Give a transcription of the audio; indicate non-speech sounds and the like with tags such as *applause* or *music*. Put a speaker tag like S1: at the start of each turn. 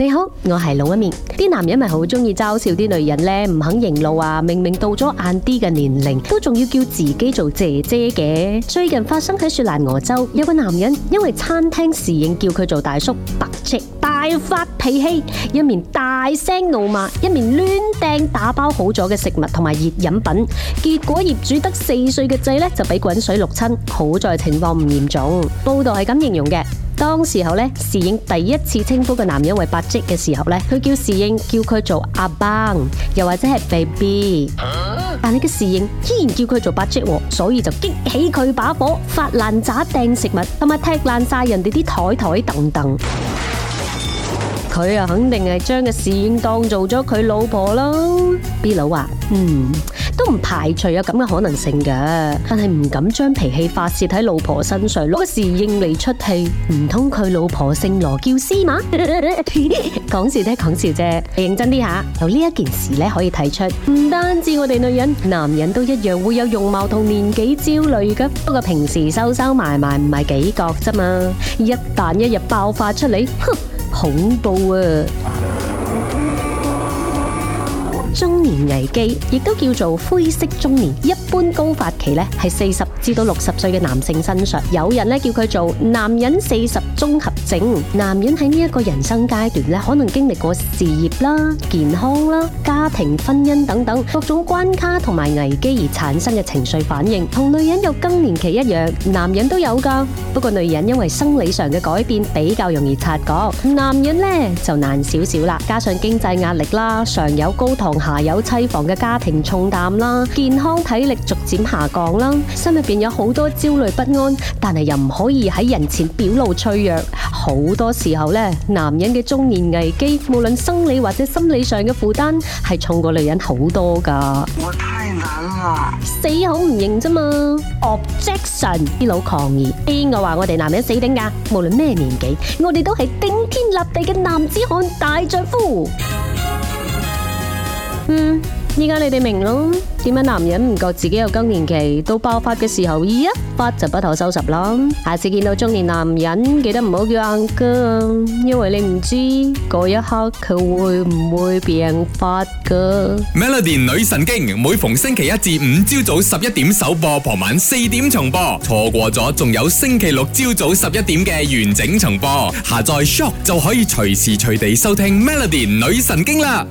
S1: 你好，我係老一面。啲男人咪好中意嘲笑啲女人咧，唔肯認老啊！明明到咗晏啲嘅年齡，都仲要叫自己做姐姐嘅。最近發生喺雪蘭莪州，有個男人因為餐廳侍應叫佢做大叔，白痴，大發脾氣，一面大聲怒罵，一面亂掟打包好咗嘅食物同埋熱飲品。結果業主得四歲嘅仔咧，就俾滾水淥親，好在情況唔嚴重。報道係咁形容嘅。當時候呢，侍應第一次稱呼個男人為大叔嘅時候呢，佢叫侍應叫佢做阿邦，又或者係 Baby，但係個侍應依然叫佢做大叔，所以就激起佢把火，發爛渣掟食物，同埋踢爛晒人哋啲台台凳凳。佢啊，肯定係將個侍應當做咗佢老婆咯，B 佬啊，嗯。都唔排除有咁嘅可能性嘅，但係唔敢將脾氣發泄喺老婆身上，攞個侍應嚟出氣，唔通佢老婆姓羅叫司馬？講笑都係講笑啫，笑你認真啲下。由呢一件事咧可以睇出，唔單止我哋女人，男人都一樣會有容貌同年紀焦慮噶，不過平時收收埋埋唔係幾覺啫嘛，一旦一日爆發出嚟，哼，恐怖啊！中年危機，亦都叫做灰色中年，一般高發期呢係四十，至到六十歲嘅男性身上，有人呢，叫佢做男人四十綜合症。男人喺呢一個人生階段呢，可能經歷過事業啦、健康啦、家庭、婚姻、等等各種關卡同埋危機而產生嘅情緒反應，同女人有更年期一樣，男人都有㗎。不過女人因為生理上嘅改變比較容易察覺，男人呢，就難少少啦。加上經濟壓力啦，上有高堂下有妻房嘅家庭重擔啦，健康體力逐漸下降啦，生有好多焦慮不安，但係又唔可以喺人前表露脆弱。好多時候咧，男人嘅中年危機，無論生理或者心理上嘅負擔，係重過女人好多噶。我太難啦！死口唔認咋嘛？Objection！啲佬抗議。邊個話我哋男人死頂噶？無論咩年紀，我哋都係頂天立地嘅男子漢大丈夫。 *music* 嗯。依家你哋明咯，點解男人唔覺自己有更年期，到爆發嘅時候，一發就不可收拾啦？下次見到中年男人，記得唔好叫 Uncle，因為你唔知嗰一刻佢會唔會病發噶。Melody 女神經每逢星期一至五朝早十一點首播，傍晚四點重播，錯過咗仲有星期六朝早十一點嘅完整重播。下載 Shock 就可以隨時隨地收聽 Melody 女神經啦。